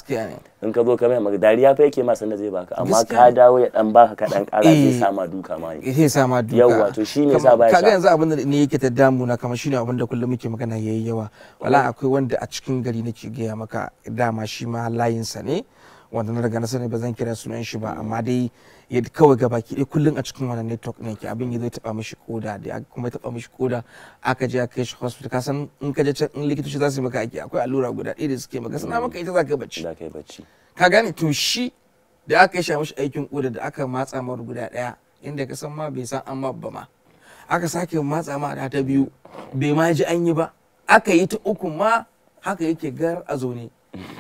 in ka zo ka mai dariya fa yake ma sanda zai baka amma ka dawo ya dan baka ka dan ƙara zai eh, sama duka ma zai sama duka yawa to shine sa baya kaga yanzu abin da ne yake ta damu na kamar shine abin da kullum muke magana yayi yawa wala akwai wanda a cikin gari nake gaya maka dama shi ma layinsa ne wanda na riga na sani bazan zan kira sunan shi ba amma dai ya kawai ga baki ɗaya kullum a cikin wannan network ne ke abin ya zai taba mishi koda da ya kuma taɓa taba mishi koda aka je aka kai shi hospital ka san in ka je can in likitoci za su maka aiki akwai allura guda ɗaya da suke maka sana maka ita za ka bacci ka gane to shi da aka yi mishi aikin koda da aka matsa mar guda ɗaya inda ka san ma bai san an ba ma aka sake matsa ma da ta biyu bai ma ji an yi ba aka yi ta uku ma haka yake gar a zo ne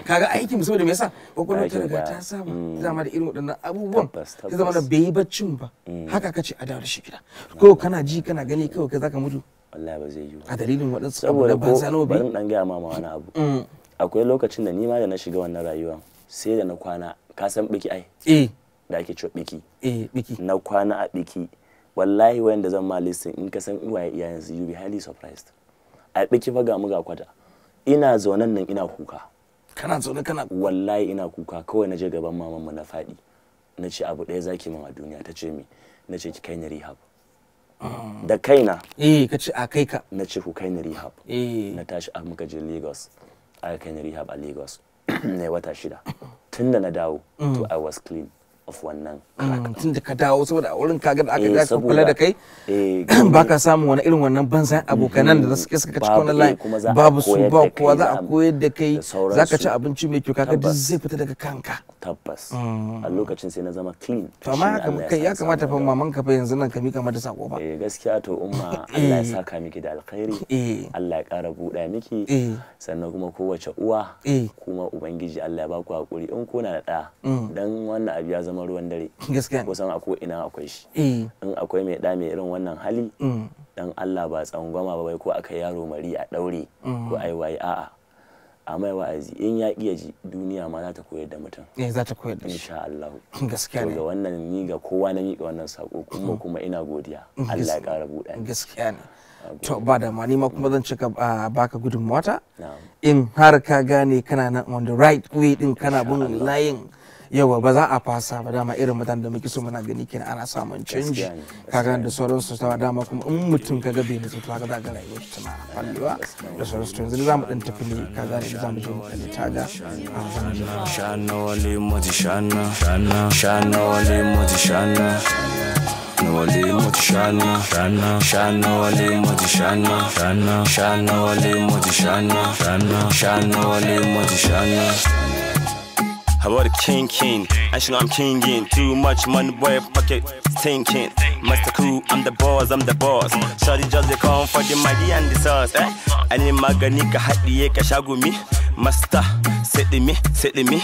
kaga aikin musamman da me yasa kwakwalwar ta riga ta saba mm. zama da irin waɗannan abubuwan ta zama da bai yi baccin ba mm. haka ka ce a dawo da shi gida ko kana ji kana gani kawai ka zaka mutu wallahi ba zai yi a dalilin waɗansu saboda ba sano bi bari dan ga mama wani abu mm. akwai lokacin da ni ma da na shiga wannan rayuwa sai da na kwana ka san biki ai eh da ake cewa biki eh biki na kwana a biki wallahi wayanda zan ma listen in ka san uwaye iyayen su you be highly surprised a biki fa ga mu ga kwata ina zaunan nan ina kuka kana zaune kana wallahi ina kuka kawai na je gaban mamanmu na faɗi na ce abu ɗaya zaki min a duniya ta ce mi na ce ki kai ni rehab ah. da kaina eh ka ce a kai ka na ce ku kai ni rehab eh. na tashi a ah, muka je Lagos aka kai ni rehab a Lagos na wata shida tunda na dawo mm. to I was clean of wannan mm, tun da ka dawo saboda a wurin kaga da aka ga eh, kula da kai eh, ba ka samu wani irin wannan banzan abokanan da suke kiska mm-hmm. ka ci wannan babu eh, su ba kowa za a koyar da kai za ka ci abinci mai kyau kaga duk zai fita daga kanka tabbas ah. a lokacin sai na zama clean to amma ya kamata fa maman ka fa yanzu nan ka mika mata sako ba eh gaskiya to umma eh. Allah ya saka miki da alkhairi eh. Allah ya kara buɗa miki eh. sannan kuma kowace uwa kuma ubangiji Allah ya ba ku hakuri in kuna da ɗa mm. dan wannan abu ya zama ruwan dare gaskiya kusan a ko ina akwai shi in akwai mai ɗa mai irin wannan hali mm. dan Allah ba tsangwama ba bai ko aka yaro mari a daure mm. ko ai waye a'a a mai wa'azi in ya iya ji duniya ma za ta koyar da mutum eh za ta koyar da shi insha Allah gaskiya ne ga wannan ni ga kowa na miƙa wannan sako kuma mm. kuma ina godiya mm, Allah ya ƙara buɗa gaskiya ne to ba da ma ma kuma zan cika ah, baka gudun mota in har ka gane kana nan on the right way din kana bin layin yawa ba za a fasa ba dama irin mutane da muke so muna gani kenan ana samun canji kaga da sauransu ta dama kuma in mutum kaga bai nutsu to kaga za ga rayuwar shi tana fallewa da sauransu to yanzu za dan tafi ne kaga da za je mu kalli taga shana wale muti shana shana wale muti shana wale muti shana shana shana wale shana shana shana wale shana shana shana wale shana I bought a king king, and she know I'm kinging. Too much money, boy, pocket thinking. Master cool, I'm the boss, I'm the boss. Shawty just they come for the mighty and the sauce. Eh? Ani maganika hadi yeka shagumi. Master, sit in me, sit in me.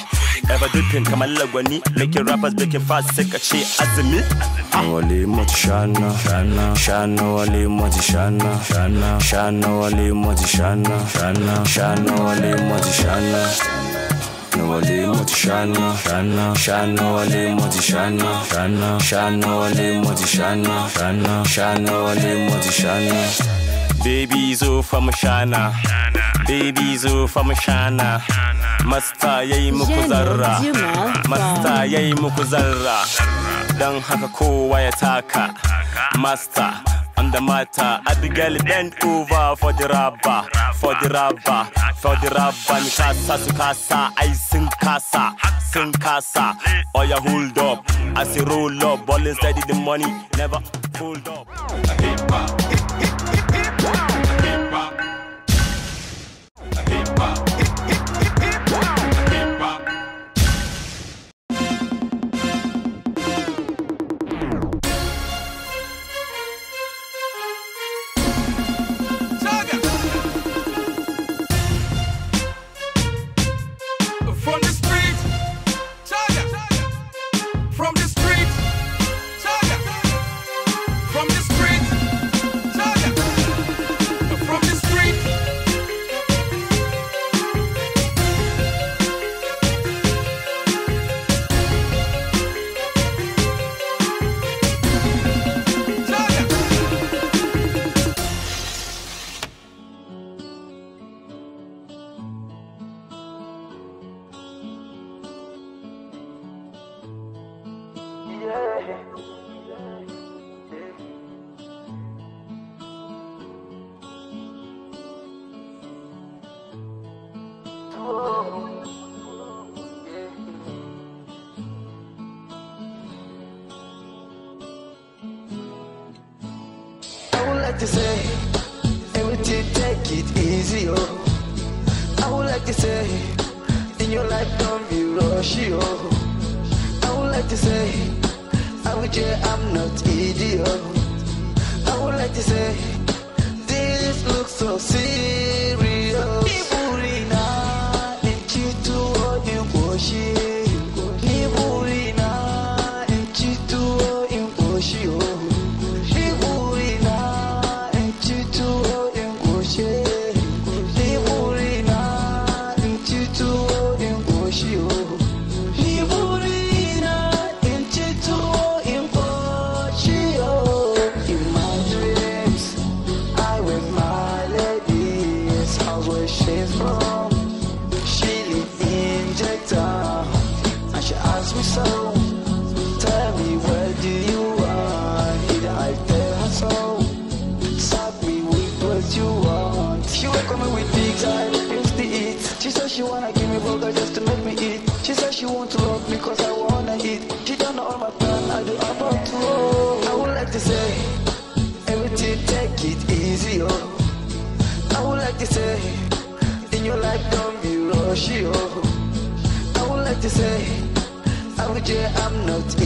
Ever dripping, come on, love when your rappers, breaking fast, sick, a shit, as the me. Wali moti shana, shana, shana, wali moti shana, shana, shana, wali moti shana, shana, shana, wali moti shana. Baby zo from shana Baby zo from mu shana Masta yayi muku zarra Masta yayi muku zarra Dan haka kowa ya taka master the matter. At the girl bend over for the rubber, for the rubber, for the rubber. su casa, I sing casa, sing casa. Oh ya hold up, I say roll up, ball steady the money, never hold up. to say, everything take it easy, oh. I would like to say, in your life don't be rushy, oh. I would like to say, I would say I'm not idiot. I would like to say, this looks so serious. Yeah, I'm not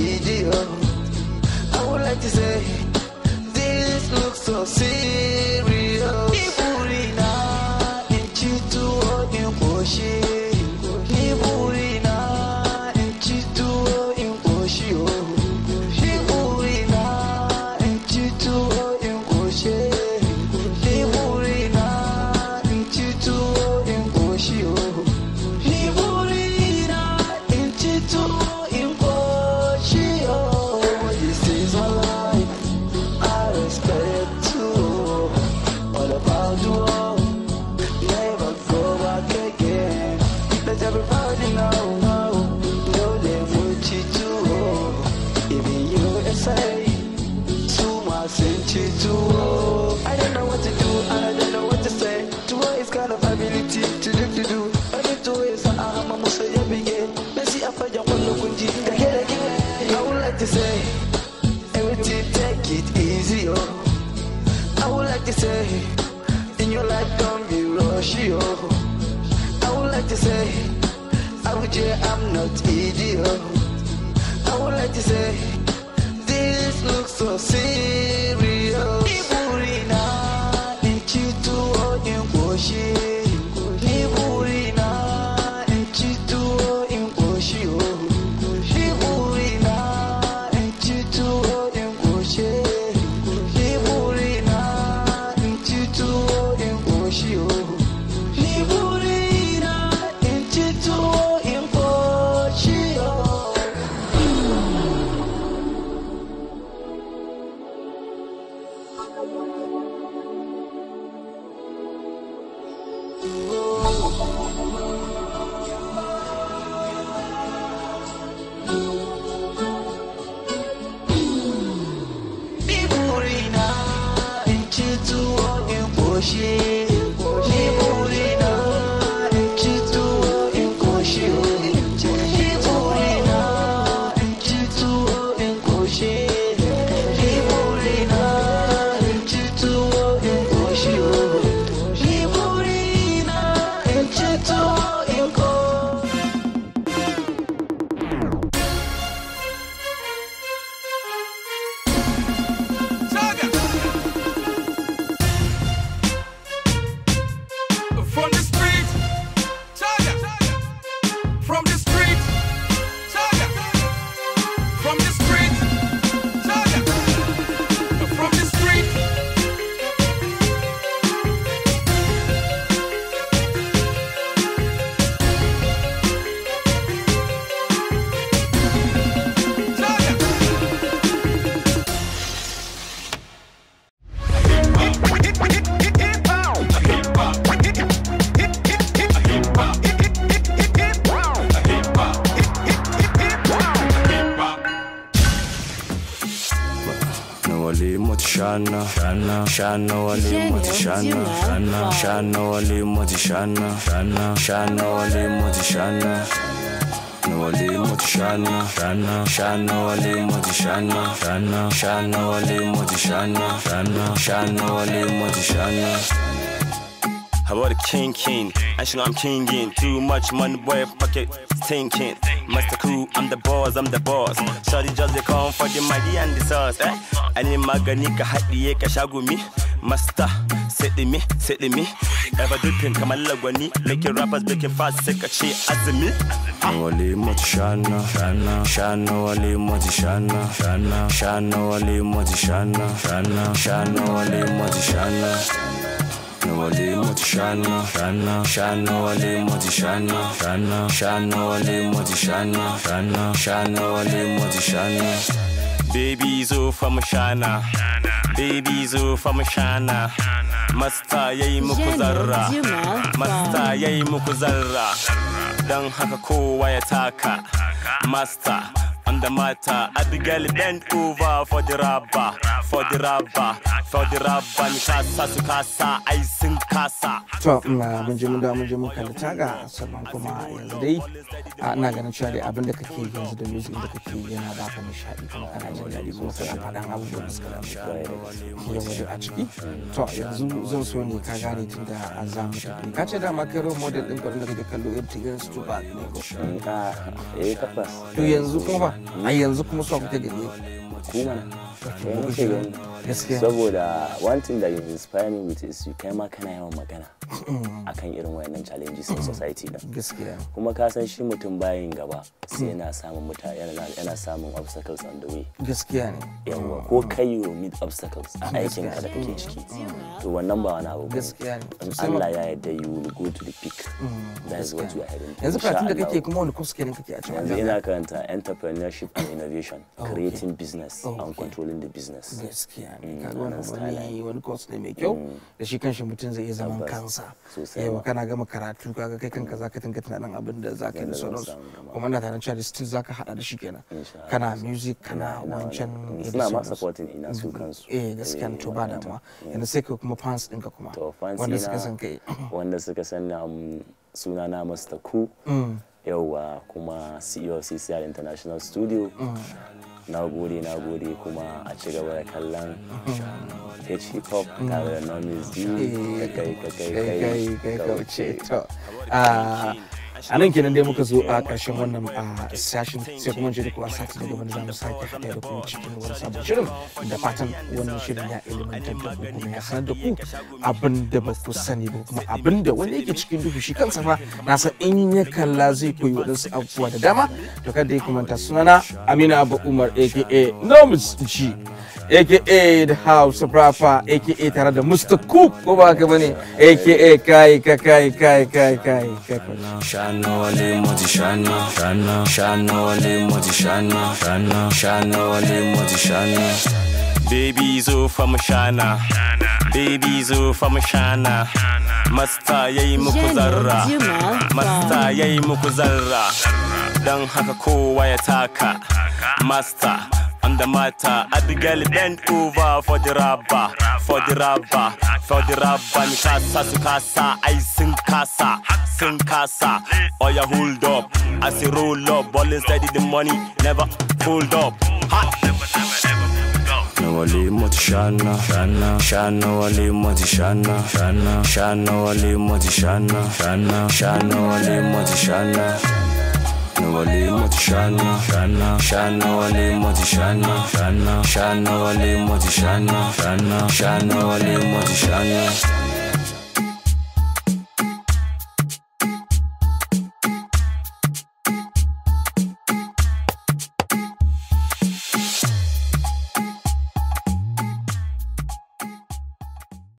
shana shana walimu tishana shana walimu tishana shana shana, shana walimu tishana shana shana shana walimu tishana shana shana shana walimu tishana shana shana shana walimu shana. I bought a king king, and she know I'm kinging. Too much money, boy, pocket stinking. Master crew, I'm the boss, I'm the boss. Shawty just they come for the money and the sauce, eh? Ani magani ka haɗiye ka shago me. Master, sit me, sit me. Ever dripping, come on, love when your rappers breaking fast, sick a shit as me. Wale moti shana, shana, shana, wale moti shana, shana, shana, wale moti shana, shana, shana, wale moti shana wọlé mo ti ṣáná ṣáná wọlé mo ti ṣáná ṣáná wọlé mo ti ṣáná ṣáná wọlé mo ti Baby zo famu shana, baby zo famu shana, masta yayi muku zarra, masta yayi muku zarra, don haka kowa ya taka, masta on the matter. I girl bend over for the rubber, for the rubber, for the rubber. Ni kasa su kasa, I sing kasa. To, mun je muda, da muka je mun kalli taga kuma yanzu dai Na ganin cewa dai abin da kake yanzu da music da kake yana ba ka nishaɗi kuma kana jin daɗi kuma kana faɗan abubuwan da suka dace a ciki. To, yanzu zan so ne ka gane tun da an zamu tafi. Ka ce dama kai role model ɗin kwarin da kake kallo MTN Stupak ne ko? Eh, tabbas. To yanzu kuma a yanzu kuma ta kuke gani kuma human saboda one thing that is inspire me with is you kai ma kana yawan magana mm. akan irin wayannan challenges in mm. society da kuma ka san shi mutum bayan gaba sai yana samun mutane yana samun obstacles on the way gaskiya ne yawa ko kai you meet obstacles a aikin ka da kake ciki to wannan ba wani abu gaskiya ne Allah ya yarda you will go to the peak mm, that is what you are heading yanzu karatun da kake kuma wani course kenan kake a cikin yanzu ina karanta entrepreneurship and innovation ah, creating business business and controlling the business gaskiya ne mm, kaga wani yayi wani course ne mai kyau mm. da shi kanshi mutum zai iya zaman kansa yawa kana gama karatu kaga kai kanka mm. zaka tinka tunanin abin da zaka da sauransu kuma na tare cewa still zaka hada da shi kenan kana music kana wancan suna ma supporting ina su mm-hmm. kansu eh gaskiya to ba eh, da ma sai ka kuma fans ɗinka kuma wanda suka san kai wanda suka um, san suna na Mr. Ku yauwa kuma CEO CCR International Studio na gode na gode kuma a ci gaba da kallon hip hop tare da nomis biyu kai kai kai kai kauce a nan kenan dai muka zo a ƙarshen wannan sashen sai kuma je da kuwa sati da gaban zamu sake haɗa da kuma cikin wani sabon shirin da fatan wannan shirin ya ilimantar da ku kuma ya sanar da ku abin da ba ku sani ba kuma abin da wani yake cikin duhu shi kansa fa na san in ya kalla zai koyi waɗansu abubuwa da dama to kada ya kumanta sunana Amina Abba Umar aka Nomis G aka da House Rafa aka tare da Mr. Cook ko ba ka bane aka kai kai kai kai kai kai kai Shana wale moti shana Shana Shana wale moti shana Shana Shana wale moti shana Baby zo from shana Baby zo from shana Masta yayi muku zarra Masta yayi muku zarra Dan haka kowa ya taka Masta on the matter. I the girl bend over for the rubber, for the rubber, for the rubber. su sukasa, I sing kasa, sing kasa. Oh yeah, hold up. I say roll up, ball inside the money, never hold up. Hot. walimoti shana shana shana walimoti shana shana shana walimoti shana shana shana walimoti shana, shana. شان وليمتي شانا شانا شانا وليمتي شانا شانا شانا وليمتي شانا شانا شانا وليمتي شانا